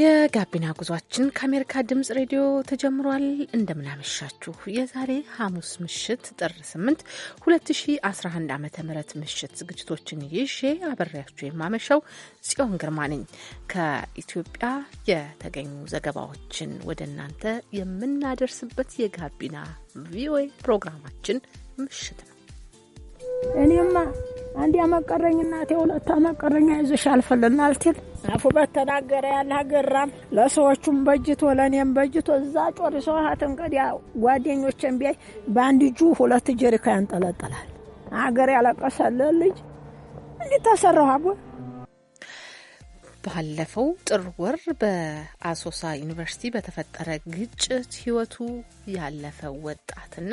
የጋቢና ጉዟችን ከአሜሪካ ድምጽ ሬዲዮ ተጀምሯል። እንደምናመሻችሁ የዛሬ ሐሙስ ምሽት ጥር 8 2011 ዓ ም ምሽት ዝግጅቶችን ይዤ አበሬያችሁ የማመሻው ጽዮን ግርማ ነኝ። ከኢትዮጵያ የተገኙ ዘገባዎችን ወደ እናንተ የምናደርስበት የጋቢና ቪኦኤ ፕሮግራማችን ምሽት ነው። እኔማ አንድ ያመቀረኝ እናቴ ሁለት አመቀረኝ አይዞሽ አልፈልና አልትል አፉ በተናገረ ያለ ሀገራም ለሰዎቹም በጅቶ ለእኔም በጅቶ እዛ ጮር ሰውሀት እንግዲያ ጓደኞችን ቢያይ በአንድ እጁ ሁለት ጀሪካ ያንጠለጥላል። ሀገር ያለቀሰለ ልጅ ተሰራው አቦ ባለፈው ጥር ወር በአሶሳ ዩኒቨርሲቲ በተፈጠረ ግጭት ህይወቱ ያለፈ ወጣትና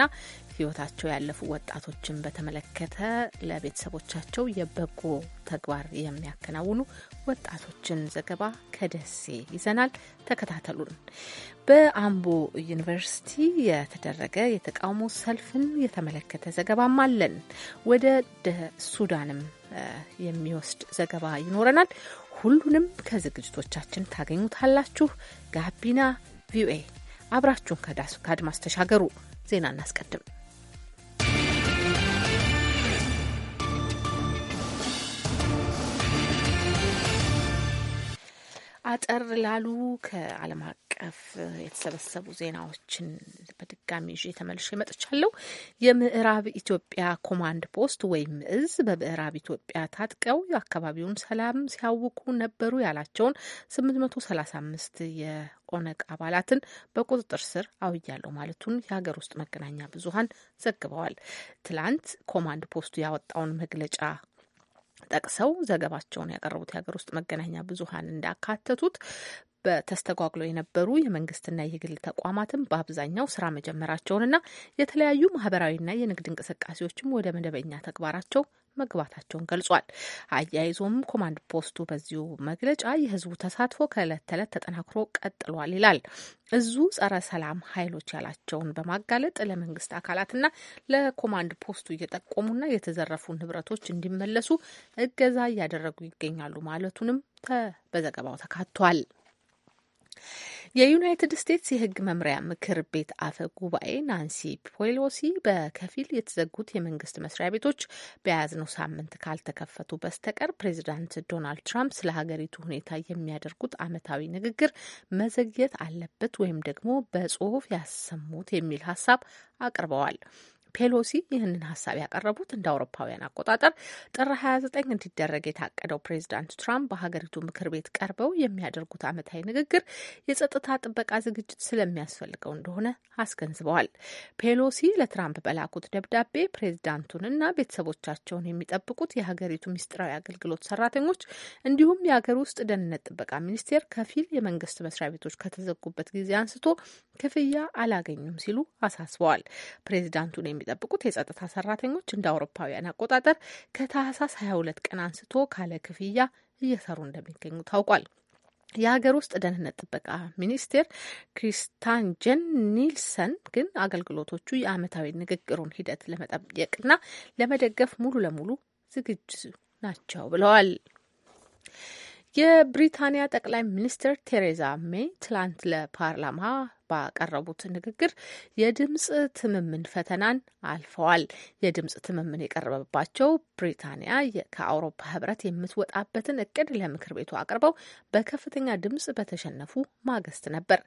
ህይወታቸው ያለፉ ወጣቶችን በተመለከተ ለቤተሰቦቻቸው የበጎ ተግባር የሚያከናውኑ ወጣቶችን ዘገባ ከደሴ ይዘናል። ተከታተሉን። በአምቦ ዩኒቨርሲቲ የተደረገ የተቃውሞ ሰልፍን የተመለከተ ዘገባም አለን። ወደ ሱዳንም የሚወስድ ዘገባ ይኖረናል። ሁሉንም ከዝግጅቶቻችን ታገኙታላችሁ። ጋቢና ቪኦኤ አብራችሁን ከዳሱ ከአድማስ ተሻገሩ። ዜና እናስቀድም። አጠር ላሉ ከዓለም አቀፍ የተሰበሰቡ ዜናዎችን በድጋሚ ይዤ ተመልሼ መጥቻለሁ። የምዕራብ ኢትዮጵያ ኮማንድ ፖስት ወይም እዝ በምዕራብ ኢትዮጵያ ታጥቀው የአካባቢውን ሰላም ሲያውኩ ነበሩ ያላቸውን 835 የኦነግ አባላትን በቁጥጥር ስር አውያለሁ ማለቱን የሀገር ውስጥ መገናኛ ብዙኃን ዘግበዋል። ትላንት ኮማንድ ፖስቱ ያወጣውን መግለጫ ጠቅሰው ዘገባቸውን ያቀረቡት የሀገር ውስጥ መገናኛ ብዙሀን እንዳካተቱት በተስተጓግሎ የነበሩ የመንግስትና የግል ተቋማትም በአብዛኛው ስራ መጀመራቸውንና የተለያዩ ማህበራዊና የንግድ እንቅስቃሴዎችም ወደ መደበኛ ተግባራቸው መግባታቸውን ገልጿል። አያይዞም ኮማንድ ፖስቱ በዚሁ መግለጫ የህዝቡ ተሳትፎ ከእለት ተዕለት ተጠናክሮ ቀጥሏል ይላል። እዙ ጸረ ሰላም ኃይሎች ያላቸውን በማጋለጥ ለመንግስት አካላትና ለኮማንድ ፖስቱ እየጠቆሙና የተዘረፉ ንብረቶች እንዲመለሱ እገዛ እያደረጉ ይገኛሉ ማለቱንም በዘገባው ተካቷል። የዩናይትድ ስቴትስ የሕግ መምሪያ ምክር ቤት አፈ ጉባኤ ናንሲ ፔሎሲ በከፊል የተዘጉት የመንግስት መስሪያ ቤቶች በያዝነው ሳምንት ካልተከፈቱ በስተቀር ፕሬዚዳንት ዶናልድ ትራምፕ ስለ ሀገሪቱ ሁኔታ የሚያደርጉት ዓመታዊ ንግግር መዘግየት አለበት ወይም ደግሞ በጽሁፍ ያሰሙት የሚል ሀሳብ አቅርበዋል። ፔሎሲ ይህንን ሀሳብ ያቀረቡት እንደ አውሮፓውያን አቆጣጠር ጥር 29 እንዲደረግ የታቀደው ፕሬዚዳንት ትራምፕ በሀገሪቱ ምክር ቤት ቀርበው የሚያደርጉት ዓመታዊ ንግግር የጸጥታ ጥበቃ ዝግጅት ስለሚያስፈልገው እንደሆነ አስገንዝበዋል። ፔሎሲ ለትራምፕ በላኩት ደብዳቤ ፕሬዚዳንቱንና ቤተሰቦቻቸውን የሚጠብቁት የሀገሪቱ ምስጢራዊ አገልግሎት ሰራተኞች እንዲሁም የሀገር ውስጥ ደህንነት ጥበቃ ሚኒስቴር ከፊል የመንግስት መስሪያ ቤቶች ከተዘጉበት ጊዜ አንስቶ ክፍያ አላገኙም ሲሉ አሳስበዋል። ፕሬዚዳንቱን የሚ የሚጠብቁት የጸጥታ ሰራተኞች እንደ አውሮፓውያን አቆጣጠር ከታህሳስ 22 ቀን አንስቶ ካለ ክፍያ እየሰሩ እንደሚገኙ ታውቋል። የሀገር ውስጥ ደህንነት ጥበቃ ሚኒስቴር ክሪስታንጀን ኒልሰን ግን አገልግሎቶቹ የዓመታዊ ንግግሩን ሂደት ለመጠየቅና ለመደገፍ ሙሉ ለሙሉ ዝግጁ ናቸው ብለዋል። የብሪታንያ ጠቅላይ ሚኒስትር ቴሬዛ ሜይ ትላንት ለፓርላማ ባቀረቡት ንግግር የድምፅ ትምምን ፈተናን አልፈዋል። የድምፅ ትምምን የቀረበባቸው ብሪታንያ ከአውሮፓ ህብረት የምትወጣበትን እቅድ ለምክር ቤቱ አቅርበው በከፍተኛ ድምፅ በተሸነፉ ማግስት ነበር።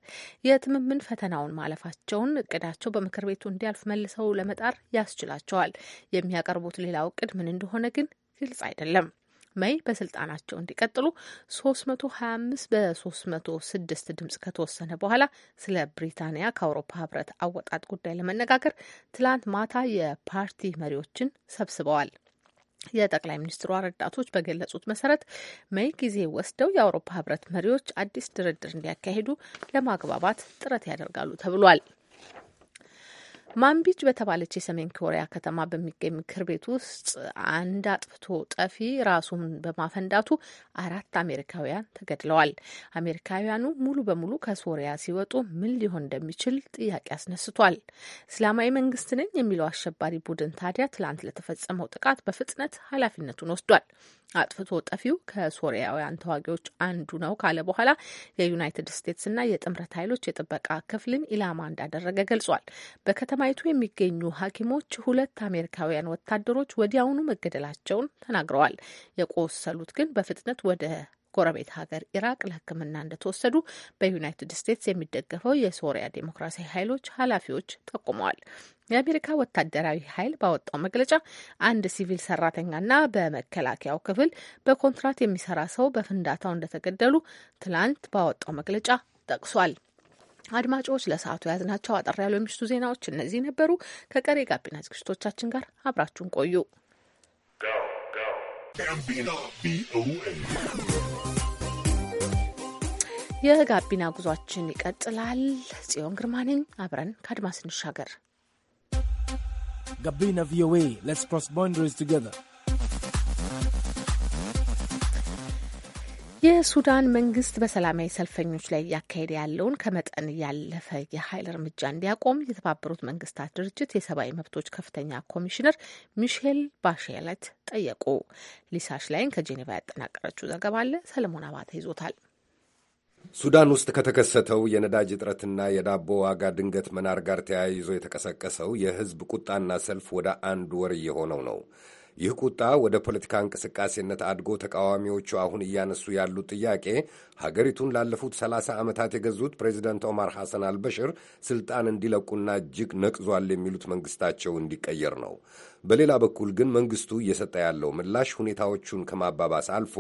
የትምምን ፈተናውን ማለፋቸውን እቅዳቸው በምክር ቤቱ እንዲያልፍ መልሰው ለመጣር ያስችላቸዋል። የሚያቀርቡት ሌላው እቅድ ምን እንደሆነ ግን ግልጽ አይደለም። መይ በስልጣናቸው እንዲቀጥሉ 325 በ306 ድምጽ ከተወሰነ በኋላ ስለ ብሪታንያ ከአውሮፓ ህብረት አወጣጥ ጉዳይ ለመነጋገር ትላንት ማታ የፓርቲ መሪዎችን ሰብስበዋል። የጠቅላይ ሚኒስትሯ ረዳቶች በገለጹት መሰረት መይ ጊዜ ወስደው የአውሮፓ ህብረት መሪዎች አዲስ ድርድር እንዲያካሂዱ ለማግባባት ጥረት ያደርጋሉ ተብሏል። ማንቢጅ በተባለች የሰሜን ኮሪያ ከተማ በሚገኝ ምክር ቤት ውስጥ አንድ አጥፍቶ ጠፊ ራሱን በማፈንዳቱ አራት አሜሪካውያን ተገድለዋል። አሜሪካውያኑ ሙሉ በሙሉ ከሶሪያ ሲወጡ ምን ሊሆን እንደሚችል ጥያቄ አስነስቷል። እስላማዊ መንግስት ነኝ የሚለው አሸባሪ ቡድን ታዲያ ትላንት ለተፈጸመው ጥቃት በፍጥነት ኃላፊነቱን ወስዷል። አጥፍቶ ጠፊው ከሶሪያውያን ተዋጊዎች አንዱ ነው ካለ በኋላ የዩናይትድ ስቴትስና የጥምረት ኃይሎች የጥበቃ ክፍልን ኢላማ እንዳደረገ ገልጿል። በከተማይቱ የሚገኙ ሐኪሞች ሁለት አሜሪካውያን ወታደሮች ወዲያውኑ መገደላቸውን ተናግረዋል። የቆሰሉት ግን በፍጥነት ወደ ጎረቤት ሀገር ኢራቅ ለሕክምና እንደተወሰዱ በዩናይትድ ስቴትስ የሚደገፈው የሶሪያ ዴሞክራሲያዊ ኃይሎች ኃላፊዎች ጠቁመዋል። የአሜሪካ ወታደራዊ ኃይል ባወጣው መግለጫ አንድ ሲቪል ሰራተኛና በመከላከያው ክፍል በኮንትራት የሚሰራ ሰው በፍንዳታው እንደተገደሉ ትላንት ባወጣው መግለጫ ጠቅሷል። አድማጮች ለሰዓቱ የያዝናቸው አጠር ያሉ የምሽቱ ዜናዎች እነዚህ ነበሩ። ከቀሪ ጋቢና ዝግጅቶቻችን ጋር አብራችሁን ቆዩ። የጋቢና ጉዟችን ይቀጥላል። ጽዮን ግርማ ነኝ። አብረን ከአድማስ እንሻገር። Gabina VOA. Let's cross boundaries together. የሱዳን መንግስት በሰላማዊ ሰልፈኞች ላይ እያካሄደ ያለውን ከመጠን ያለፈ የኃይል እርምጃ እንዲያቆም የተባበሩት መንግስታት ድርጅት የሰብአዊ መብቶች ከፍተኛ ኮሚሽነር ሚሼል ባሼለት ጠየቁ። ሊሳሽ ላይን ከጄኔቫ ያጠናቀረችው ዘገባ አለ። ሰለሞን አባተ ይዞታል። ሱዳን ውስጥ ከተከሰተው የነዳጅ እጥረትና የዳቦ ዋጋ ድንገት መናር ጋር ተያይዞ የተቀሰቀሰው የህዝብ ቁጣና ሰልፍ ወደ አንድ ወር እየሆነው ነው። ይህ ቁጣ ወደ ፖለቲካ እንቅስቃሴነት አድጎ ተቃዋሚዎቹ አሁን እያነሱ ያሉት ጥያቄ ሀገሪቱን ላለፉት ሰላሳ ዓመታት የገዙት ፕሬዚደንት ኦማር ሐሰን አልበሽር ስልጣን እንዲለቁና እጅግ ነቅዟል የሚሉት መንግስታቸው እንዲቀየር ነው። በሌላ በኩል ግን መንግስቱ እየሰጠ ያለው ምላሽ ሁኔታዎቹን ከማባባስ አልፎ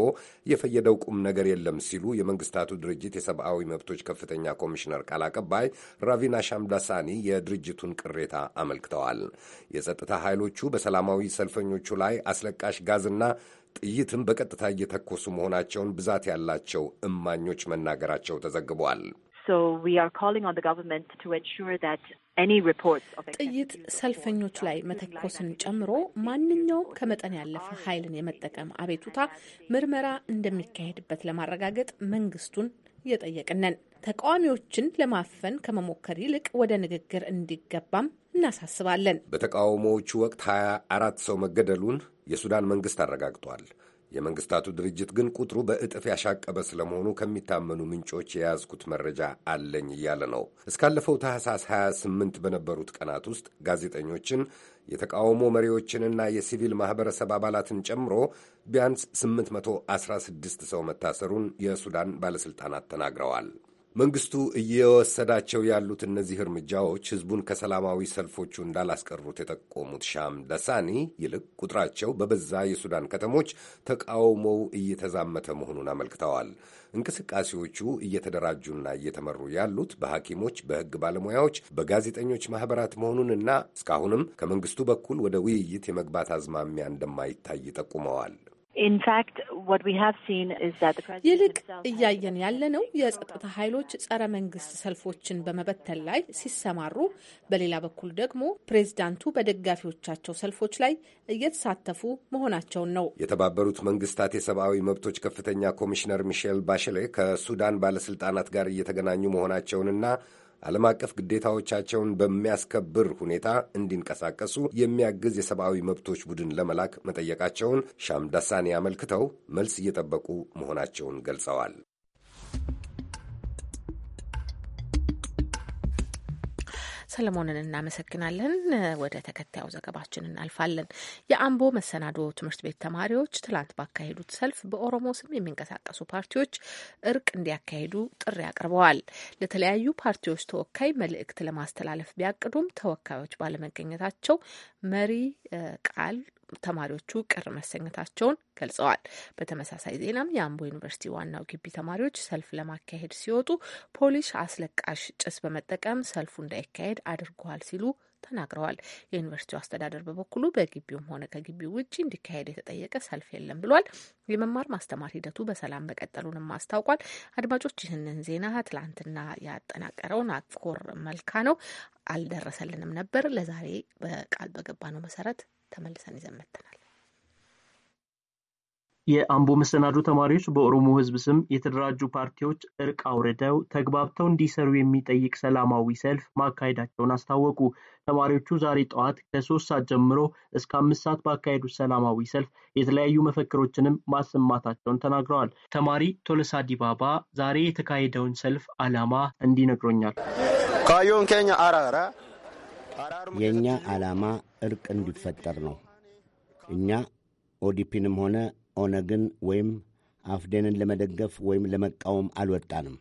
የፈየደው ቁም ነገር የለም ሲሉ የመንግስታቱ ድርጅት የሰብአዊ መብቶች ከፍተኛ ኮሚሽነር ቃል አቀባይ ራቪና ሻምዳሳኒ የድርጅቱን ቅሬታ አመልክተዋል። የጸጥታ ኃይሎቹ በሰላማዊ ሰልፈኞቹ ላይ አስለቃሽ ጋዝና ጥይትም በቀጥታ እየተኮሱ መሆናቸውን ብዛት ያላቸው እማኞች መናገራቸው ተዘግቧል። ጥይት ሰልፈኞች ላይ መተኮስን ጨምሮ ማንኛውም ከመጠን ያለፈ ኃይልን የመጠቀም አቤቱታ ምርመራ እንደሚካሄድበት ለማረጋገጥ መንግስቱን እየጠየቅነን ተቃዋሚዎችን ለማፈን ከመሞከር ይልቅ ወደ ንግግር እንዲገባም እናሳስባለን። በተቃውሞዎቹ ወቅት 24 ሰው መገደሉን የሱዳን መንግስት አረጋግጧል። የመንግስታቱ ድርጅት ግን ቁጥሩ በእጥፍ ያሻቀበ ስለመሆኑ ከሚታመኑ ምንጮች የያዝኩት መረጃ አለኝ እያለ ነው። እስካለፈው ታህሳስ 28 በነበሩት ቀናት ውስጥ ጋዜጠኞችን፣ የተቃውሞ መሪዎችንና የሲቪል ማኅበረሰብ አባላትን ጨምሮ ቢያንስ 816 ሰው መታሰሩን የሱዳን ባለሥልጣናት ተናግረዋል። መንግስቱ እየወሰዳቸው ያሉት እነዚህ እርምጃዎች ህዝቡን ከሰላማዊ ሰልፎቹ እንዳላስቀሩት የጠቆሙት ሻም ደሳኒ ይልቅ ቁጥራቸው በበዛ የሱዳን ከተሞች ተቃውሞው እየተዛመተ መሆኑን አመልክተዋል። እንቅስቃሴዎቹ እየተደራጁና እየተመሩ ያሉት በሐኪሞች፣ በህግ ባለሙያዎች፣ በጋዜጠኞች ማኅበራት መሆኑንና እስካሁንም ከመንግስቱ በኩል ወደ ውይይት የመግባት አዝማሚያ እንደማይታይ ጠቁመዋል። ይልቅ እያየን ያለነው የጸጥታ ኃይሎች ጸረ መንግስት ሰልፎችን በመበተል ላይ ሲሰማሩ፣ በሌላ በኩል ደግሞ ፕሬዝዳንቱ በደጋፊዎቻቸው ሰልፎች ላይ እየተሳተፉ መሆናቸውን ነው። የተባበሩት መንግስታት የሰብአዊ መብቶች ከፍተኛ ኮሚሽነር ሚሼል ባሽሌ ከሱዳን ባለስልጣናት ጋር እየተገናኙ መሆናቸውንና ዓለም አቀፍ ግዴታዎቻቸውን በሚያስከብር ሁኔታ እንዲንቀሳቀሱ የሚያግዝ የሰብአዊ መብቶች ቡድን ለመላክ መጠየቃቸውን ሻምዳሳኒ አመልክተው መልስ እየጠበቁ መሆናቸውን ገልጸዋል። ሰለሞንን እናመሰግናለን። ወደ ተከታዩ ዘገባችን እናልፋለን። የአምቦ መሰናዶ ትምህርት ቤት ተማሪዎች ትላንት ባካሄዱት ሰልፍ በኦሮሞ ስም የሚንቀሳቀሱ ፓርቲዎች እርቅ እንዲያካሄዱ ጥሪ አቅርበዋል። ለተለያዩ ፓርቲዎች ተወካይ መልእክት ለማስተላለፍ ቢያቅዱም ተወካዮች ባለመገኘታቸው መሪ ቃል ተማሪዎቹ ቅር መሰኘታቸውን ገልጸዋል። በተመሳሳይ ዜናም የአምቦ ዩኒቨርሲቲ ዋናው ግቢ ተማሪዎች ሰልፍ ለማካሄድ ሲወጡ ፖሊስ አስለቃሽ ጭስ በመጠቀም ሰልፉ እንዳይካሄድ አድርገዋል ሲሉ ተናግረዋል። የዩኒቨርሲቲው አስተዳደር በበኩሉ በግቢውም ሆነ ከግቢው ውጭ እንዲካሄድ የተጠየቀ ሰልፍ የለም ብሏል። የመማር ማስተማር ሂደቱ በሰላም መቀጠሉንም አስታውቋል። አድማጮች፣ ይህንን ዜና ትላንትና ያጠናቀረውን አኮር መልካ ነው። አልደረሰልንም ነበር። ለዛሬ በቃል በገባ ነው መሰረት ተመልሰን ይዘን መተናል። የአምቦ መሰናዶ ተማሪዎች በኦሮሞ ሕዝብ ስም የተደራጁ ፓርቲዎች እርቅ አውርደው ተግባብተው እንዲሰሩ የሚጠይቅ ሰላማዊ ሰልፍ ማካሄዳቸውን አስታወቁ። ተማሪዎቹ ዛሬ ጠዋት ከሶስት ሰዓት ጀምሮ እስከ አምስት ሰዓት ባካሄዱት ሰላማዊ ሰልፍ የተለያዩ መፈክሮችንም ማሰማታቸውን ተናግረዋል። ተማሪ ቶለሳ ዲባባ ዛሬ የተካሄደውን ሰልፍ ዓላማ እንዲነግሮኛል። ካዮን ኬኛ አራራ የእኛ ዓላማ እርቅ እንዲፈጠር ነው። እኛ ኦዲፒንም ሆነ ኦነግን ወይም አፍዴንን ለመደገፍ ወይም ለመቃወም አልወጣንም።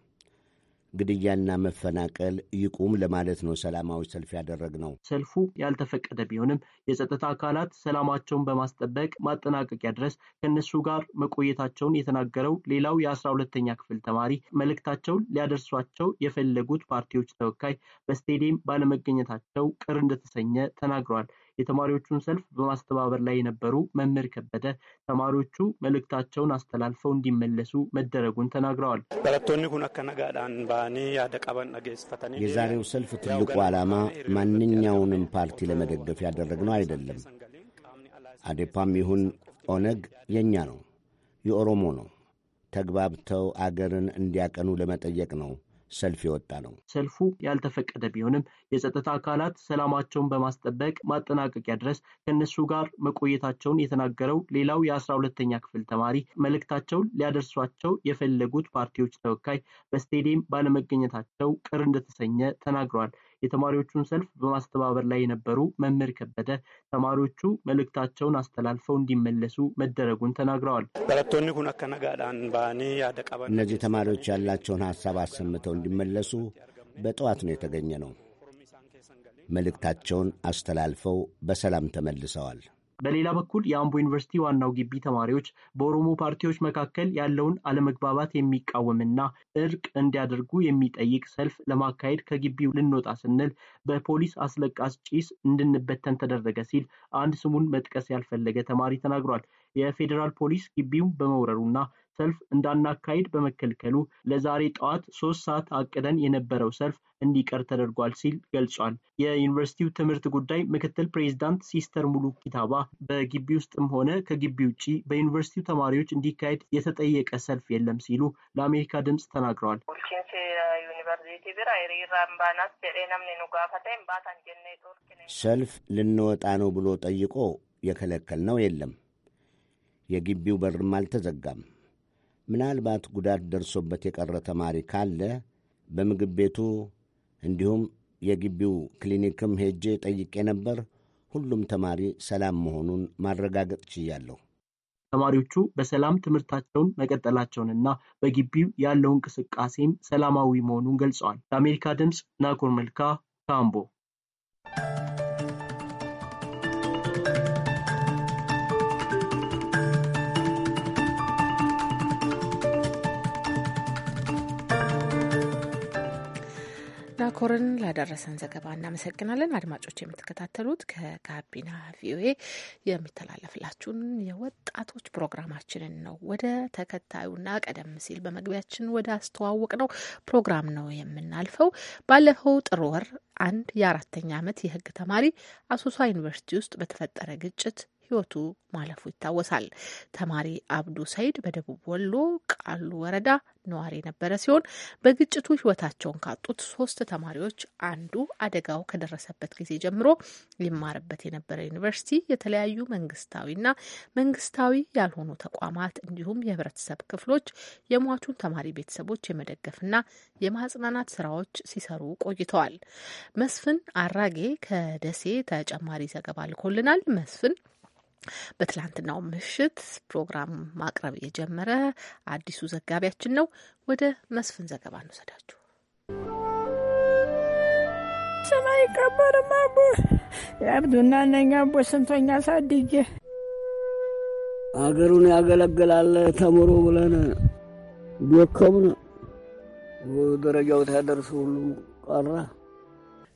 ግድያና መፈናቀል ይቁም ለማለት ነው ሰላማዊ ሰልፍ ያደረግነው። ሰልፉ ያልተፈቀደ ቢሆንም የጸጥታ አካላት ሰላማቸውን በማስጠበቅ ማጠናቀቂያ ድረስ ከእነሱ ጋር መቆየታቸውን የተናገረው ሌላው የአስራ ሁለተኛ ክፍል ተማሪ መልእክታቸውን ሊያደርሷቸው የፈለጉት ፓርቲዎች ተወካይ በስቴዲየም ባለመገኘታቸው ቅር እንደተሰኘ ተናግረዋል። የተማሪዎቹን ሰልፍ በማስተባበር ላይ የነበሩ መምህር ከበደ ተማሪዎቹ መልእክታቸውን አስተላልፈው እንዲመለሱ መደረጉን ተናግረዋል። የዛሬው ሰልፍ ትልቁ ዓላማ ማንኛውንም ፓርቲ ለመደገፍ ያደረግነው አይደለም። አዴፓም ይሁን ኦነግ የእኛ ነው፣ የኦሮሞ ነው። ተግባብተው አገርን እንዲያቀኑ ለመጠየቅ ነው ሰልፍ የወጣ ነው። ሰልፉ ያልተፈቀደ ቢሆንም የጸጥታ አካላት ሰላማቸውን በማስጠበቅ ማጠናቀቂያ ድረስ ከእነሱ ጋር መቆየታቸውን የተናገረው ሌላው የአስራ ሁለተኛ ክፍል ተማሪ መልእክታቸውን ሊያደርሷቸው የፈለጉት ፓርቲዎች ተወካይ በስቴዲየም ባለመገኘታቸው ቅር እንደተሰኘ ተናግረዋል። የተማሪዎቹን ሰልፍ በማስተባበር ላይ የነበሩ መምህር ከበደ ተማሪዎቹ መልእክታቸውን አስተላልፈው እንዲመለሱ መደረጉን ተናግረዋል። በረቶኒ ሁን አከነጋዳን ባኒ ያደቀበ እነዚህ ተማሪዎች ያላቸውን ሀሳብ አሰምተው እንዲመለሱ በጠዋት ነው የተገኘ ነው። መልእክታቸውን አስተላልፈው በሰላም ተመልሰዋል። በሌላ በኩል የአምቦ ዩኒቨርሲቲ ዋናው ግቢ ተማሪዎች በኦሮሞ ፓርቲዎች መካከል ያለውን አለመግባባት የሚቃወምና እርቅ እንዲያደርጉ የሚጠይቅ ሰልፍ ለማካሄድ ከግቢው ልንወጣ ስንል በፖሊስ አስለቃስ ጭስ እንድንበተን ተደረገ ሲል አንድ ስሙን መጥቀስ ያልፈለገ ተማሪ ተናግሯል። የፌዴራል ፖሊስ ግቢው በመውረሩና ሰልፍ እንዳናካሂድ በመከልከሉ ለዛሬ ጠዋት ሶስት ሰዓት አቅደን የነበረው ሰልፍ እንዲቀር ተደርጓል ሲል ገልጿል። የዩኒቨርሲቲው ትምህርት ጉዳይ ምክትል ፕሬዚዳንት ሲስተር ሙሉ ኪታባ በግቢ ውስጥም ሆነ ከግቢ ውጭ በዩኒቨርሲቲው ተማሪዎች እንዲካሄድ የተጠየቀ ሰልፍ የለም ሲሉ ለአሜሪካ ድምፅ ተናግረዋል። ሰልፍ ልንወጣ ነው ብሎ ጠይቆ የከለከልነው የለም። የግቢው በርም አልተዘጋም። ምናልባት ጉዳት ደርሶበት የቀረ ተማሪ ካለ በምግብ ቤቱ እንዲሁም የግቢው ክሊኒክም ሄጄ ጠይቄ ነበር። ሁሉም ተማሪ ሰላም መሆኑን ማረጋገጥ ችያለሁ። ተማሪዎቹ በሰላም ትምህርታቸውን መቀጠላቸውንና በግቢው ያለው እንቅስቃሴም ሰላማዊ መሆኑን ገልጸዋል። ለአሜሪካ ድምፅ ናኮር መልካ ካምቦ ኮርን ላደረሰን ዘገባ እናመሰግናለን። አድማጮች የምትከታተሉት ከጋቢና ቪኦኤ የሚተላለፍላችሁን የወጣቶች ፕሮግራማችንን ነው። ወደ ተከታዩና ቀደም ሲል በመግቢያችን ወደ አስተዋወቅ ነው ፕሮግራም ነው የምናልፈው። ባለፈው ጥር ወር አንድ የአራተኛ ዓመት የሕግ ተማሪ አሶሳ ዩኒቨርሲቲ ውስጥ በተፈጠረ ግጭት ህይወቱ ማለፉ ይታወሳል። ተማሪ አብዱ ሰይድ በደቡብ ወሎ ቃሉ ወረዳ ነዋሪ የነበረ ሲሆን በግጭቱ ህይወታቸውን ካጡት ሶስት ተማሪዎች አንዱ አደጋው ከደረሰበት ጊዜ ጀምሮ ይማርበት የነበረ ዩኒቨርሲቲ የተለያዩ መንግስታዊና መንግስታዊ ያልሆኑ ተቋማት እንዲሁም የህብረተሰብ ክፍሎች የሟቹን ተማሪ ቤተሰቦች የመደገፍና የማጽናናት ስራዎች ሲሰሩ ቆይተዋል። መስፍን አራጌ ከደሴ ተጨማሪ ዘገባ ልኮልናል። መስፍን በትላንትናው ምሽት ፕሮግራም ማቅረብ የጀመረ አዲሱ ዘጋቢያችን ነው። ወደ መስፍን ዘገባ እንውሰዳችሁ። ስም አይቀበርም አቦ የአብዱና ነኛ አቦ ስንቶኛ ሳድጌ አገሩን ያገለግላል ተምሮ ብለን ደከምነ ደረጃው ታደርሱ ሁሉም ቀራ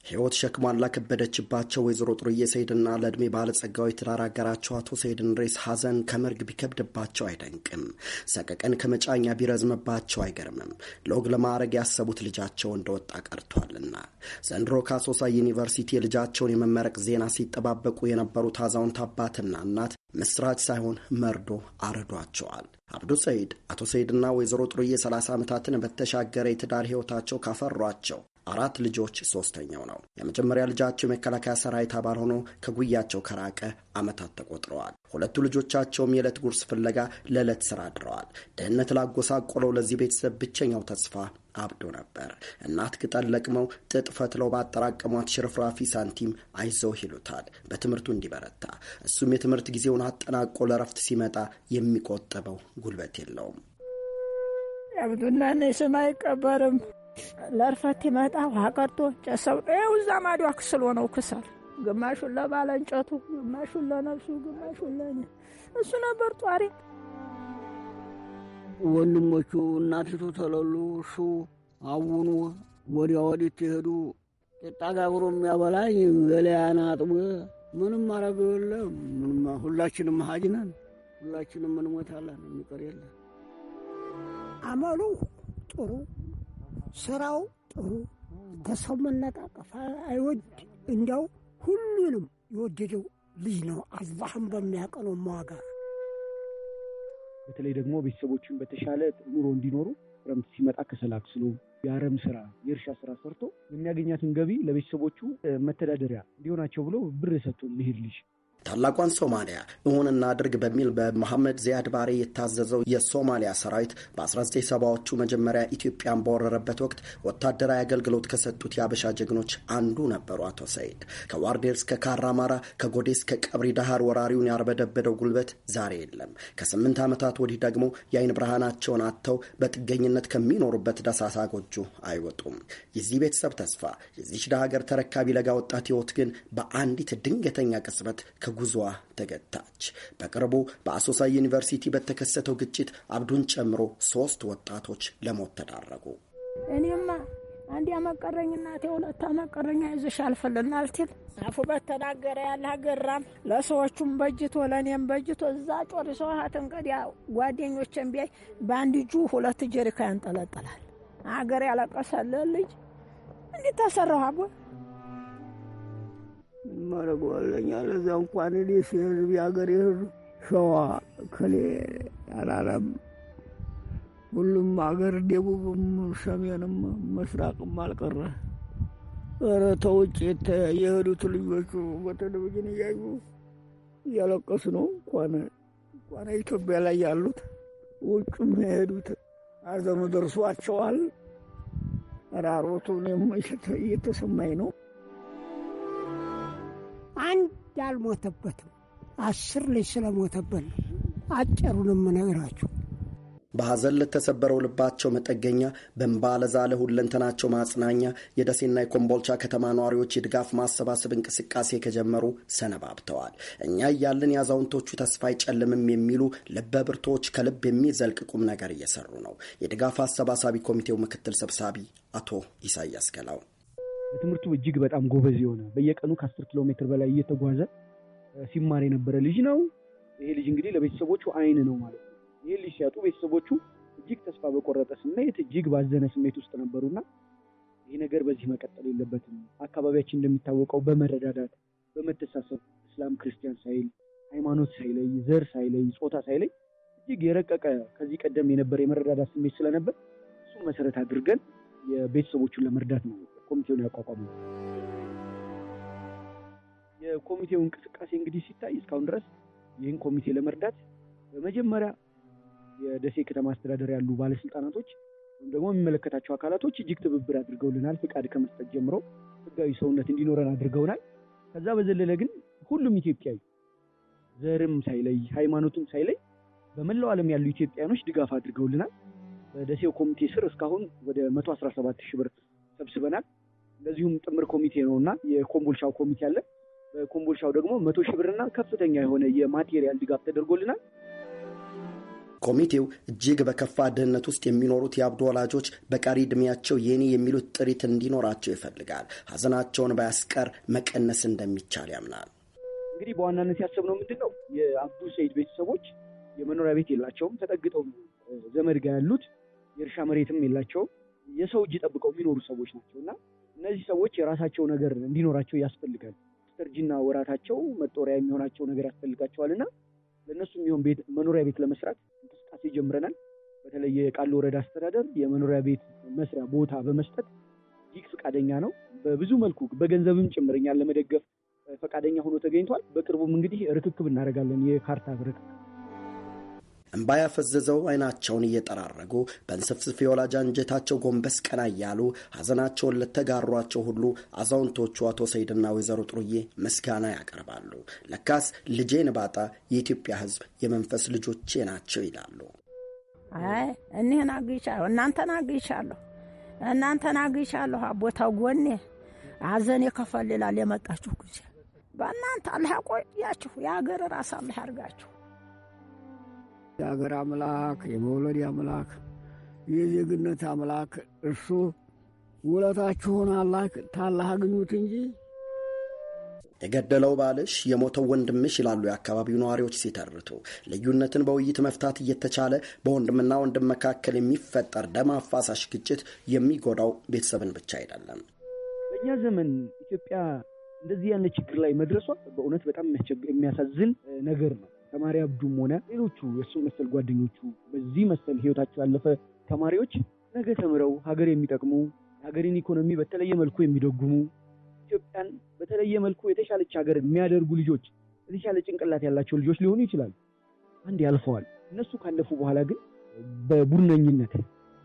ህይወት ሸክሟን ላከበደችባቸው ወይዘሮ ጥሩዬ ሰይድና ለዕድሜ ባለጸጋው የትዳር አጋራቸው አቶ ሰይድን ሬስ ሀዘን ከመርግ ቢከብድባቸው አይደንቅም። ሰቀቀን ከመጫኛ ቢረዝምባቸው አይገርምም። ለወግ ለማዕረግ ያሰቡት ልጃቸው እንደወጣ ቀርቷልና። ዘንድሮ ከአሶሳ ዩኒቨርሲቲ የልጃቸውን የመመረቅ ዜና ሲጠባበቁ የነበሩት አዛውንት አባትና እናት ምስራች ሳይሆን መርዶ አርዷቸዋል። አብዱ ሰይድ አቶ ሰይድና ወይዘሮ ጥሩዬ 30 ዓመታትን በተሻገረ የትዳር ህይወታቸው ካፈሯቸው አራት ልጆች ሶስተኛው ነው። የመጀመሪያ ልጃቸው የመከላከያ ሰራዊት አባል ሆኖ ከጉያቸው ከራቀ ዓመታት ተቆጥረዋል። ሁለቱ ልጆቻቸውም የዕለት ጉርስ ፍለጋ ለዕለት ስራ አድረዋል። ድህነት ላጎሳቆለው ለዚህ ቤተሰብ ብቸኛው ተስፋ አብዶ ነበር። እናት ቅጠል ለቅመው ጥጥ ፈትለው ባጠራቀሟት ሽርፍራፊ ሳንቲም አይዞህ ይሉታል በትምህርቱ እንዲበረታ። እሱም የትምህርት ጊዜውን አጠናቆ ለረፍት ሲመጣ የሚቆጠበው ጉልበት የለውም። አብዱና ስም አይቀበርም ለእርፈት ይመጣ ውሃ ቀርቶ ጨሰው ይኸው እዛ ማዶ አክስሎ ነው ክሰል ግማሹን ለባለ እንጨቱ፣ ግማሹን ለነፍሱ፣ ግማሹን ለ እሱ ነበር ጧሪ። ወንድሞቹ እናቲቱ ተለሉ እሱ አውኑ ወዲያ ወዲት ትሄዱ ጭጣ ጋብሮ የሚያበላኝ ገለያን አጥቡ ምንም አረገው የለም። ሁላችንም ሀጅነን ሁላችንም እንሞታለን፣ የሚቀር የለም። አመሉ ጥሩ ስራው ጥሩ ከሰው መነቃቀፍ አይወድ እንዲያው ሁሉንም የወደደው ልጅ ነው። አላህም በሚያቀነው መዋጋ በተለይ ደግሞ ቤተሰቦችን በተሻለ ኑሮ እንዲኖሩ ክረምት ሲመጣ ከሰል የአረም ስራ የእርሻ ስራ ሰርቶ የሚያገኛትን ገቢ ለቤተሰቦቹ መተዳደሪያ እንዲሆናቸው ብሎ ብር ሰጥቶ መሄድ ልጅ ታላቋን ሶማሊያ እሁን እናድርግ በሚል በመሐመድ ዚያድ ባሬ የታዘዘው የሶማሊያ ሰራዊት በ1970ዎቹ መጀመሪያ ኢትዮጵያን በወረረበት ወቅት ወታደራዊ አገልግሎት ከሰጡት የአበሻ ጀግኖች አንዱ ነበሩ አቶ ሰይድ። ከዋርዴር እስከ ካራማራ፣ ከጎዴ እስከ ቀብሪ ዳሃር ወራሪውን ያርበደበደው ጉልበት ዛሬ የለም። ከስምንት ዓመታት ወዲህ ደግሞ የአይን ብርሃናቸውን አጥተው በጥገኝነት ከሚኖሩበት ደሳሳ ጎጆ አይወጡም። የዚህ ቤተሰብ ተስፋ የዚች ሀገር ተረካቢ ለጋ ወጣት ህይወት ግን በአንዲት ድንገተኛ ቅጽበት ከ ጉዟ ተገታች። በቅርቡ በአሶሳ ዩኒቨርሲቲ በተከሰተው ግጭት አብዱን ጨምሮ ሶስት ወጣቶች ለሞት ተዳረጉ። እኔማ አንድ ያመቀረኝ እናቴ ሁለት አመቀረኝ አይዞሽ አልፈልና አልትል አፉ በተናገረ ያለ ሀገራም ለሰዎቹም በጅቶ ለእኔም በጅቶ እዛ ጮር ሰውሀት እንግዲያ ጓደኞችን ቢያይ በአንድ እጁ ሁለት ጀሪካ ያንጠለጥላል። አገር ያለቀሰለ ልጅ እንዲታሰራሁ ማረጓለኛ ለዛ እንኳን እኔ ሲህዝብ የሀገር የህዝብ ሸዋ ከሌ አላለም። ሁሉም አገር ደቡብም፣ ሰሜንም መስራቅም አልቀረ። ኧረ ተውጭ የሄዱት ልጆቹ በቴሌቪዥን እያዩ እያለቀሱ ነው። እንኳን እንኳን ኢትዮጵያ ላይ ያሉት ውጭም የሄዱት አዘኑ ደርሷቸዋል። ራሮቱ ራሮቱን እየተሰማኝ ነው። አንድ አልሞተበትም። አስር ልጅ ስለሞተበት ነው። አጭሩንም ነግራችሁ በሐዘን ለተሰበረው ልባቸው መጠገኛ በእንባ ለዛለ ሁለንተናቸው ማጽናኛ የደሴና የኮምቦልቻ ከተማ ነዋሪዎች የድጋፍ ማሰባሰብ እንቅስቃሴ ከጀመሩ ሰነባብተዋል። እኛ እያለን የአዛውንቶቹ ተስፋ አይጨልምም የሚሉ ልበ ብርቶች ከልብ የሚዘልቅ ቁም ነገር እየሰሩ ነው። የድጋፍ አሰባሳቢ ኮሚቴው ምክትል ሰብሳቢ አቶ ኢሳያስ ገላው በትምህርቱ እጅግ በጣም ጎበዝ የሆነ በየቀኑ ከአስር ኪሎ ሜትር በላይ እየተጓዘ ሲማር የነበረ ልጅ ነው። ይሄ ልጅ እንግዲህ ለቤተሰቦቹ አይን ነው ማለት ነው። ይሄ ልጅ ሲያጡ ቤተሰቦቹ እጅግ ተስፋ በቆረጠ ስሜት፣ እጅግ ባዘነ ስሜት ውስጥ ነበሩና ይህ ነገር በዚህ መቀጠል የለበትም። አካባቢያችን እንደሚታወቀው በመረዳዳት በመተሳሰብ እስላም ክርስቲያን ሳይል ሃይማኖት ሳይለይ ዘር ሳይለይ ጾታ ሳይለይ እጅግ የረቀቀ ከዚህ ቀደም የነበረ የመረዳዳት ስሜት ስለነበር እሱም መሰረት አድርገን የቤተሰቦቹን ለመርዳት ነው ኮሚቴው ነው ያቋቋመው። የኮሚቴው እንቅስቃሴ እንግዲህ ሲታይ እስካሁን ድረስ ይህን ኮሚቴ ለመርዳት በመጀመሪያ የደሴ ከተማ አስተዳደር ያሉ ባለስልጣናቶች ወይም ደግሞ የሚመለከታቸው አካላቶች እጅግ ትብብር አድርገውልናል። ፍቃድ ከመስጠት ጀምሮ ህጋዊ ሰውነት እንዲኖረን አድርገውናል። ከዛ በዘለለ ግን ሁሉም ኢትዮጵያዊ ዘርም ሳይለይ ሃይማኖትም ሳይለይ በመላው ዓለም ያሉ ኢትዮጵያኖች ድጋፍ አድርገውልናል። በደሴው ኮሚቴ ስር እስካሁን ወደ 117 ሺህ ብር ሰብስበናል። እንደዚሁም ጥምር ኮሚቴ ነው እና የኮምቦልቻው ኮሚቴ አለ። በኮምቦልቻው ደግሞ መቶ ሺህ ብርና ከፍተኛ የሆነ የማቴሪያል ድጋፍ ተደርጎልናል። ኮሚቴው እጅግ በከፋ ድህነት ውስጥ የሚኖሩት የአብዱ ወላጆች በቀሪ እድሜያቸው የኔ የሚሉት ጥሪት እንዲኖራቸው ይፈልጋል። ሀዘናቸውን ባያስቀር መቀነስ እንደሚቻል ያምናል። እንግዲህ በዋናነት ያሰብነው ምንድን ነው የአብዱ ሰይድ ቤተሰቦች የመኖሪያ ቤት የላቸውም። ተጠግጠው ዘመድ ጋር ያሉት የእርሻ መሬትም የላቸውም። የሰው እጅ ጠብቀው የሚኖሩ ሰዎች ናቸው እና እነዚህ ሰዎች የራሳቸው ነገር እንዲኖራቸው ያስፈልጋል። ስተርጅና ወራታቸው መጦሪያ የሚሆናቸው ነገር ያስፈልጋቸዋል እና ለእነሱ የሚሆን ቤት መኖሪያ ቤት ለመስራት እንቅስቃሴ ጀምረናል። በተለይ የቃሉ ወረዳ አስተዳደር የመኖሪያ ቤት መስሪያ ቦታ በመስጠት ይህ ፈቃደኛ ነው። በብዙ መልኩ በገንዘብም ጭምር እኛን ለመደገፍ ፈቃደኛ ሆኖ ተገኝቷል። በቅርቡም እንግዲህ ርክክብ እናደርጋለን የካርታ ርክክብ እምባ ያፈዘዘው አይናቸውን እየጠራረጉ በእንስፍስፍ የወላጅ አንጀታቸው ጎንበስ ቀና እያሉ ሀዘናቸውን ለተጋሯቸው ሁሉ አዛውንቶቹ አቶ ሰይድና ወይዘሮ ጥሩዬ ምስጋና ያቀርባሉ። ለካስ ልጄን ባጣ የኢትዮጵያ ሕዝብ የመንፈስ ልጆቼ ናቸው ይላሉ። አይ እኒህን አግኝቻለሁ፣ እናንተን አግኝቻለሁ፣ እናንተን አግኝቻለሁ። ቦታው ጎኔ አዘን የከፈልላል የመጣችሁ ጊዜ በእናንተ አላህ የሀገር ራስ አላህ ያርጋችሁ የአገር አምላክ፣ የመውለድ አምላክ፣ የዜግነት አምላክ እርሱ ውለታችሁን አላክ ታላህ አግኙት እንጂ የገደለው ባልሽ የሞተው ወንድምሽ ይላሉ የአካባቢው ነዋሪዎች ሲተርቱ። ልዩነትን በውይይት መፍታት እየተቻለ በወንድምና ወንድም መካከል የሚፈጠር ደም አፋሳሽ ግጭት የሚጎዳው ቤተሰብን ብቻ አይደለም። በእኛ ዘመን ኢትዮጵያ እንደዚህ ያለ ችግር ላይ መድረሷ በእውነት በጣም የሚያሳዝን ነገር ነው። ተማሪ አብዱም ሆነ ሌሎቹ የእሱ መሰል ጓደኞቹ በዚህ መሰል ህይወታቸው ያለፈ ተማሪዎች ነገ ተምረው ሀገር የሚጠቅሙ የሀገርን ኢኮኖሚ በተለየ መልኩ የሚደጉሙ ኢትዮጵያን በተለየ መልኩ የተሻለች ሀገር የሚያደርጉ ልጆች የተሻለ ጭንቅላት ያላቸው ልጆች ሊሆኑ ይችላሉ። አንድ ያልፈዋል። እነሱ ካለፉ በኋላ ግን በቡድነኝነት፣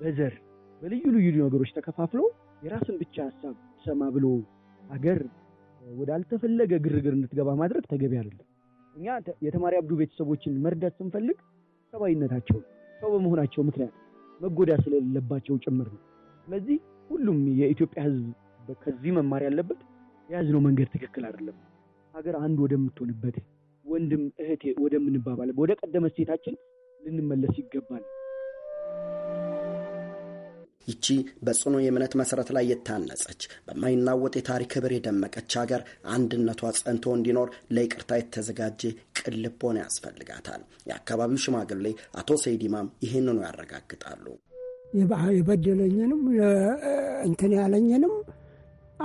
በዘር፣ በልዩ ልዩ ነገሮች ተከፋፍሎ የራስን ብቻ ሀሳብ ሰማ ብሎ ሀገር ወዳልተፈለገ ግርግር እንድትገባ ማድረግ ተገቢ አይደለም። እኛ የተማሪ አብዱ ቤተሰቦችን መርዳት ስንፈልግ ሰብአዊነታቸው ሰው በመሆናቸው ምክንያት መጎዳ ስለሌለባቸው ጭምር ነው። ስለዚህ ሁሉም የኢትዮጵያ ሕዝብ ከዚህ መማር ያለበት የያዝነው መንገድ ትክክል አይደለም። ሀገር አንድ ወደምትሆንበት ወንድም እህቴ ወደምንባባል ወደ ቀደመ ሴታችን ልንመለስ ይገባል። ይቺ በጽኑ የእምነት መሰረት ላይ የታነጸች በማይናወጥ የታሪክ ክብር የደመቀች ሀገር አንድነቷ ጸንቶ እንዲኖር ለይቅርታ የተዘጋጀ ቅን ያስፈልጋታል። የአካባቢው ሽማግሌ አቶ ሰይዲማም ይህንኑ ያረጋግጣሉ። የበደለኝንም እንትን ያለኝንም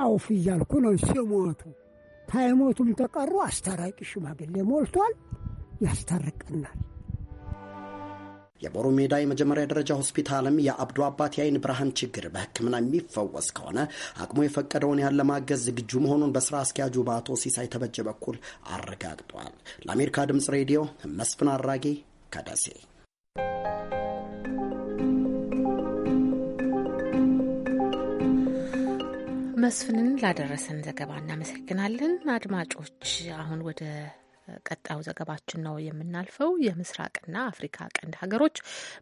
አውፍ እያልኩ ነው። ሲሞቱ ታይሞቱም ተቀሩ አስታራቂ ሽማግሌ ሞልቷል፣ ያስታርቅናል። የቦሩ ሜዳ የመጀመሪያ ደረጃ ሆስፒታልም የአብዶ አባት የአይን ብርሃን ችግር በሕክምና የሚፈወስ ከሆነ አቅሙ የፈቀደውን ያህል ለማገዝ ዝግጁ መሆኑን በስራ አስኪያጁ በአቶ ሲሳይ ተበጀ በኩል አረጋግጧል። ለአሜሪካ ድምጽ ሬዲዮ መስፍን አራጌ ከደሴ። መስፍንን ላደረሰን ዘገባ እናመሰግናለን። አድማጮች አሁን ወደ ቀጣዩ ዘገባችን ነው የምናልፈው። የምስራቅና አፍሪካ ቀንድ ሀገሮች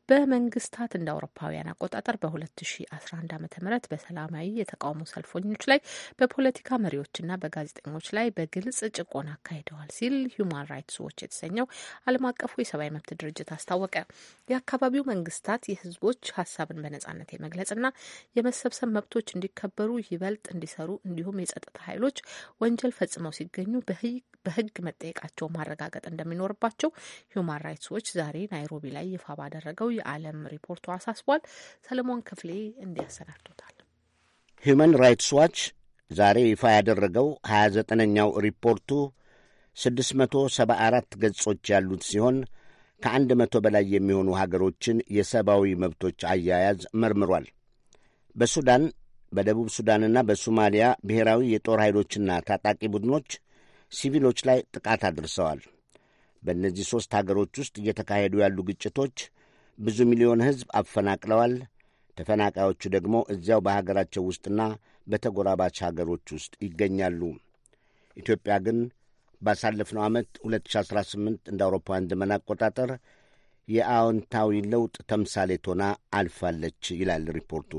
በመንግስታት እንደ አውሮፓውያን አቆጣጠር በ2011 ዓ ም በሰላማዊ የተቃውሞ ሰልፈኞች ላይ በፖለቲካ መሪዎችና በጋዜጠኞች ላይ በግልጽ ጭቆና አካሂደዋል ሲል ሁማን ራይትስ ዎች የተሰኘው ዓለም አቀፉ የሰብአዊ መብት ድርጅት አስታወቀ። የአካባቢው መንግስታት የህዝቦች ሀሳብን በነጻነት የመግለጽና የመሰብሰብ መብቶች እንዲከበሩ ይበልጥ እንዲሰሩ እንዲሁም የጸጥታ ኃይሎች ወንጀል ፈጽመው ሲገኙ በህግ መጠየቃቸው መሆናቸውን ማረጋገጥ እንደሚኖርባቸው ሁማን ራይትስ ዎች ዛሬ ናይሮቢ ላይ ይፋ ባደረገው የዓለም ሪፖርቱ አሳስቧል። ሰለሞን ክፍሌ እንዲያሰናድቶታል። ሁማን ራይትስ ዋች ዛሬ ይፋ ያደረገው 29ኛው ሪፖርቱ 674 ገጾች ያሉት ሲሆን ከአንድ መቶ በላይ የሚሆኑ ሀገሮችን የሰብአዊ መብቶች አያያዝ መርምሯል። በሱዳን፣ በደቡብ ሱዳንና በሶማሊያ ብሔራዊ የጦር ኃይሎችና ታጣቂ ቡድኖች ሲቪሎች ላይ ጥቃት አድርሰዋል። በእነዚህ ሦስት አገሮች ውስጥ እየተካሄዱ ያሉ ግጭቶች ብዙ ሚሊዮን ሕዝብ አፈናቅለዋል። ተፈናቃዮቹ ደግሞ እዚያው በሀገራቸው ውስጥና በተጎራባች ሀገሮች ውስጥ ይገኛሉ። ኢትዮጵያ ግን ባሳለፍነው ዓመት 2018 እንደ አውሮፓውያን ዘመን አቆጣጠር የአዎንታዊ ለውጥ ተምሳሌት ሆና አልፋለች ይላል ሪፖርቱ።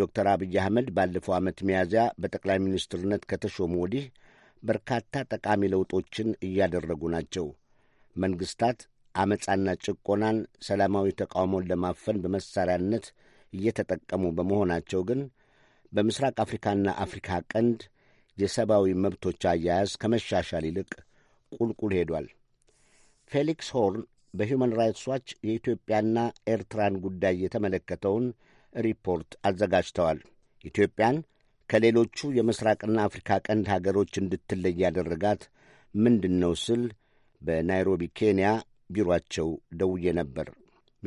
ዶክተር አብይ አህመድ ባለፈው ዓመት ሚያዝያ በጠቅላይ ሚኒስትርነት ከተሾሙ ወዲህ በርካታ ጠቃሚ ለውጦችን እያደረጉ ናቸው። መንግሥታት አመፃና ጭቆናን ሰላማዊ ተቃውሞን ለማፈን በመሳሪያነት እየተጠቀሙ በመሆናቸው ግን በምስራቅ አፍሪካና አፍሪካ ቀንድ የሰብአዊ መብቶች አያያዝ ከመሻሻል ይልቅ ቁልቁል ሄዷል። ፌሊክስ ሆርን በሁማን ራይትስ ዋች የኢትዮጵያና ኤርትራን ጉዳይ የተመለከተውን ሪፖርት አዘጋጅተዋል። ኢትዮጵያን ከሌሎቹ የምስራቅና አፍሪካ ቀንድ ሀገሮች እንድትለይ ያደረጋት ምንድን ነው ስል በናይሮቢ ኬንያ ቢሮአቸው ደውዬ ነበር።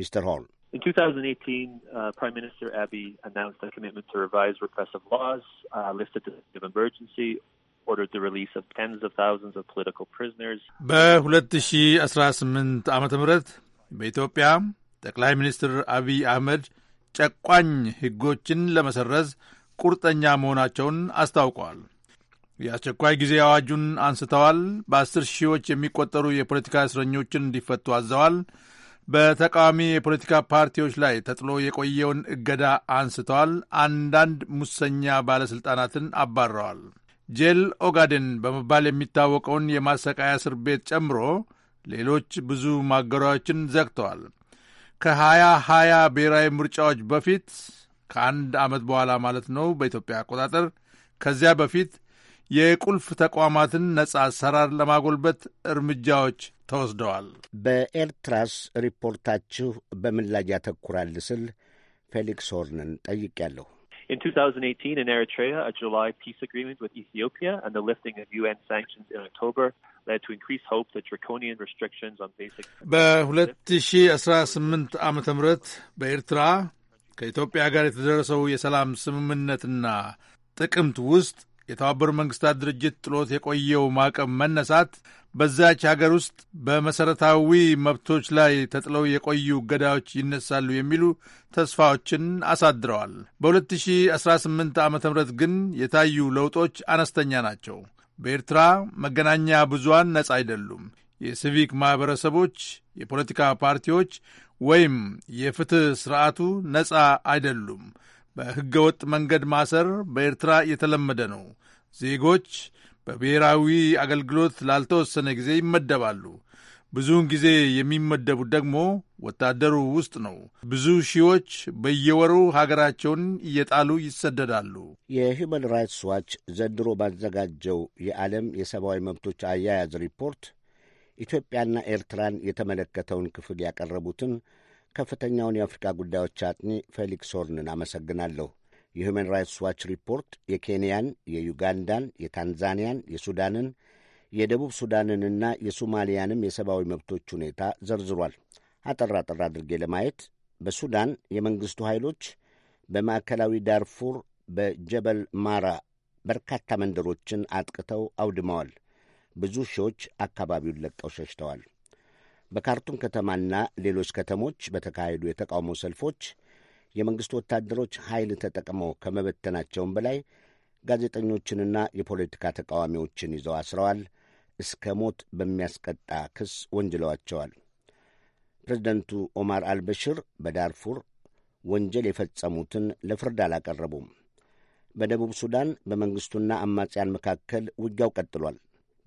ሚስተር ሆል በ2018 በ2018 ዓ ምህረት በኢትዮጵያ ጠቅላይ ሚኒስትር አቢይ አህመድ ጨቋኝ ሕጎችን ለመሰረዝ ቁርጠኛ መሆናቸውን አስታውቀዋል። የአስቸኳይ ጊዜ አዋጁን አንስተዋል። በአስር ሺዎች የሚቆጠሩ የፖለቲካ እስረኞችን እንዲፈቱ አዘዋል። በተቃዋሚ የፖለቲካ ፓርቲዎች ላይ ተጥሎ የቆየውን እገዳ አንስተዋል። አንዳንድ ሙሰኛ ባለሥልጣናትን አባረዋል። ጄል ኦጋዴን በመባል የሚታወቀውን የማሰቃያ እስር ቤት ጨምሮ ሌሎች ብዙ ማገሪያዎችን ዘግተዋል። ከሀያ ሀያ ብሔራዊ ምርጫዎች በፊት ከአንድ ዓመት በኋላ ማለት ነው በኢትዮጵያ አቆጣጠር። ከዚያ በፊት የቁልፍ ተቋማትን ነጻ አሰራር ለማጎልበት እርምጃዎች ተወስደዋል። በኤርትራስ ሪፖርታችሁ በምን ላይ ያተኩራል ስል ፌሊክስ ሆርንን ጠይቄያለሁ። In 2018, in Eritrea, a July peace agreement with Ethiopia and the lifting of UN sanctions in October led to increased hope that draconian restrictions on basic... በ2018 ዓ ም በኤርትራ ከኢትዮጵያ ጋር የተደረሰው የሰላም ስምምነትና ጥቅምት ውስጥ የተባበሩ መንግስታት ድርጅት ጥሎት የቆየው ማዕቀብ መነሳት በዛች ሀገር ውስጥ በመሠረታዊ መብቶች ላይ ተጥለው የቆዩ እገዳዎች ይነሳሉ የሚሉ ተስፋዎችን አሳድረዋል። በ2018 ዓ ም ግን የታዩ ለውጦች አነስተኛ ናቸው። በኤርትራ መገናኛ ብዙሃን ነጻ አይደሉም። የሲቪክ ማኅበረሰቦች፣ የፖለቲካ ፓርቲዎች ወይም የፍትሕ ሥርዓቱ ነጻ አይደሉም። በሕገ ወጥ መንገድ ማሰር በኤርትራ የተለመደ ነው። ዜጎች በብሔራዊ አገልግሎት ላልተወሰነ ጊዜ ይመደባሉ። ብዙውን ጊዜ የሚመደቡት ደግሞ ወታደሩ ውስጥ ነው። ብዙ ሺዎች በየወሩ ሀገራቸውን እየጣሉ ይሰደዳሉ። የሁመን ራይትስ ዋች ዘንድሮ ባዘጋጀው የዓለም የሰብአዊ መብቶች አያያዝ ሪፖርት ኢትዮጵያና ኤርትራን የተመለከተውን ክፍል ያቀረቡትን ከፍተኛውን የአፍሪካ ጉዳዮች አጥኚ ፌሊክስ ሆርንን አመሰግናለሁ። የሁመን ራይትስ ዋች ሪፖርት የኬንያን፣ የዩጋንዳን፣ የታንዛኒያን፣ የሱዳንን፣ የደቡብ ሱዳንንና የሱማሊያንም የሰብአዊ መብቶች ሁኔታ ዘርዝሯል። አጠር አጠር አድርጌ ለማየት በሱዳን የመንግሥቱ ኃይሎች በማዕከላዊ ዳርፉር በጀበል ማራ በርካታ መንደሮችን አጥቅተው አውድመዋል። ብዙ ሺዎች አካባቢውን ለቀው ሸሽተዋል። በካርቱም ከተማና ሌሎች ከተሞች በተካሄዱ የተቃውሞ ሰልፎች የመንግሥት ወታደሮች ኃይል ተጠቅመው ከመበተናቸውም በላይ ጋዜጠኞችንና የፖለቲካ ተቃዋሚዎችን ይዘው አስረዋል። እስከ ሞት በሚያስቀጣ ክስ ወንጅለዋቸዋል። ፕሬዚደንቱ ኦማር አልበሽር በዳርፉር ወንጀል የፈጸሙትን ለፍርድ አላቀረቡም። በደቡብ ሱዳን በመንግሥቱና አማጽያን መካከል ውጊያው ቀጥሏል።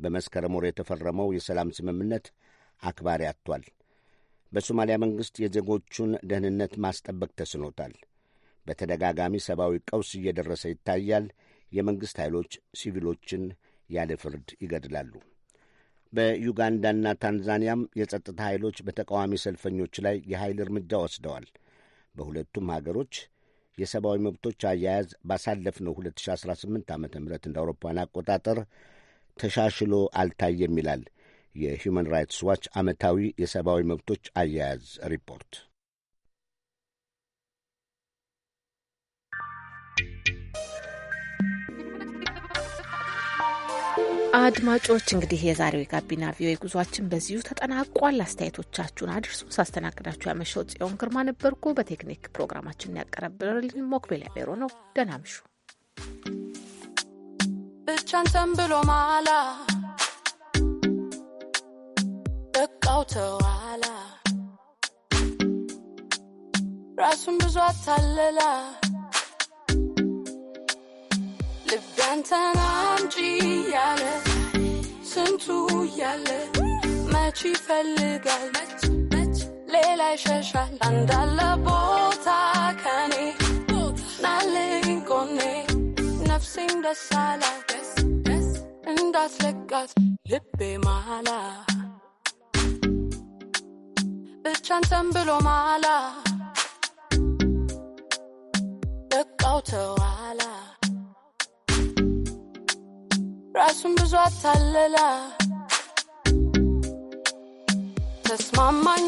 በመስከረም ወር የተፈረመው የሰላም ስምምነት አክባሪ አጥቷል። በሶማሊያ መንግሥት የዜጎቹን ደህንነት ማስጠበቅ ተስኖታል። በተደጋጋሚ ሰብአዊ ቀውስ እየደረሰ ይታያል። የመንግሥት ኃይሎች ሲቪሎችን ያለ ፍርድ ይገድላሉ። በዩጋንዳና ታንዛኒያም የጸጥታ ኃይሎች በተቃዋሚ ሰልፈኞች ላይ የኃይል እርምጃ ወስደዋል። በሁለቱም ሀገሮች የሰብአዊ መብቶች አያያዝ ባሳለፍነው 2018 ዓ ም እንደ አውሮፓውያን አቆጣጠር ተሻሽሎ አልታየም ይላል የሁማን ራይትስ ዋች ዓመታዊ የሰብአዊ መብቶች አያያዝ ሪፖርት። አድማጮች እንግዲህ የዛሬው የጋቢና ቪኦኤ ጉዟችን በዚሁ ተጠናቋል። አስተያየቶቻችሁን አድርሱ። ሳስተናግዳችሁ ያመሸው ጽዮን ግርማ ነበርኩ። በቴክኒክ ፕሮግራማችን ያቀረበልን ሞክቤል ያቤሮ ነው። ደህና እምሹ ብቻ አንተን ብሎ ማላ በቃው ተዋላ ራሱን ብዙ አታለላ ልቤ አንተን አምጪ እያለ ስንቱ እያለ መች ይፈልጋል ሌላ ይሸሻል አንዳለ ቦታ ከኔ ናልኝ ቆኔ ነፍሴም ደሳላት ለቃት ልቤ ማላ ብቻን ተንብሎ ማላ በቃው ተዋላ ራሱን ብዙ አታለላ ተስማማኝ